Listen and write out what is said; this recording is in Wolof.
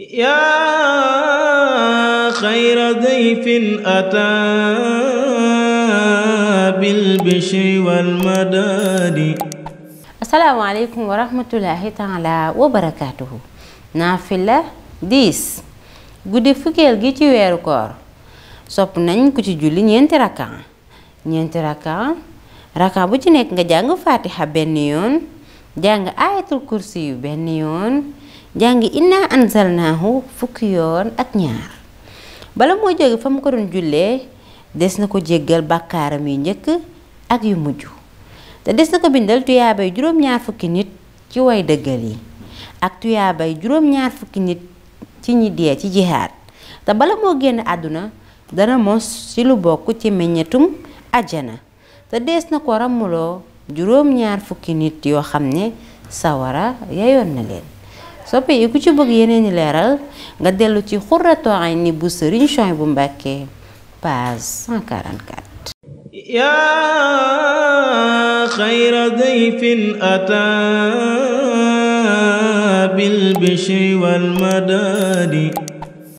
yaa xayra dayfin ataa bil bishri wal madadi asalaamaaleykum wa rahmatullahi taala wa barakaatuhu naafila diis guddi fukkeel gi ci weeru koor sopp nañ ku ci julli ñeenti rakkaan ñeenti rakkaan rakkaan bu ci nekk nga jàng faatixa benn yoon jàng ayatul kursi yu benn yoon jàngi inna anzalnaahu fukki yoon ak ñaar bala moo jóge fa mu ko doon jullee des na ko jéggal bàkkaaram yu njëkk ak yu mujj te des na ko bindal tuyaabay juróom-ñaar fukki nit ci way dëggal yi ak tuyaabay juróom nit ci ñi dee ci jihaad te bala moo génn àdduna dana mos ci lu bokk ci meññetum ajjana te des na ko ràmmuloo juróom-ñaar fukki nit yoo xam ne sawara yayoon na leen soppe yi ku ci bëgg yeneen i leeral nga dellu ci xurratu ayni bu sëriñ Chouhaïbou bu Mbàkke page 144 yaa xayra dayfin ataa bil bishri wal madadi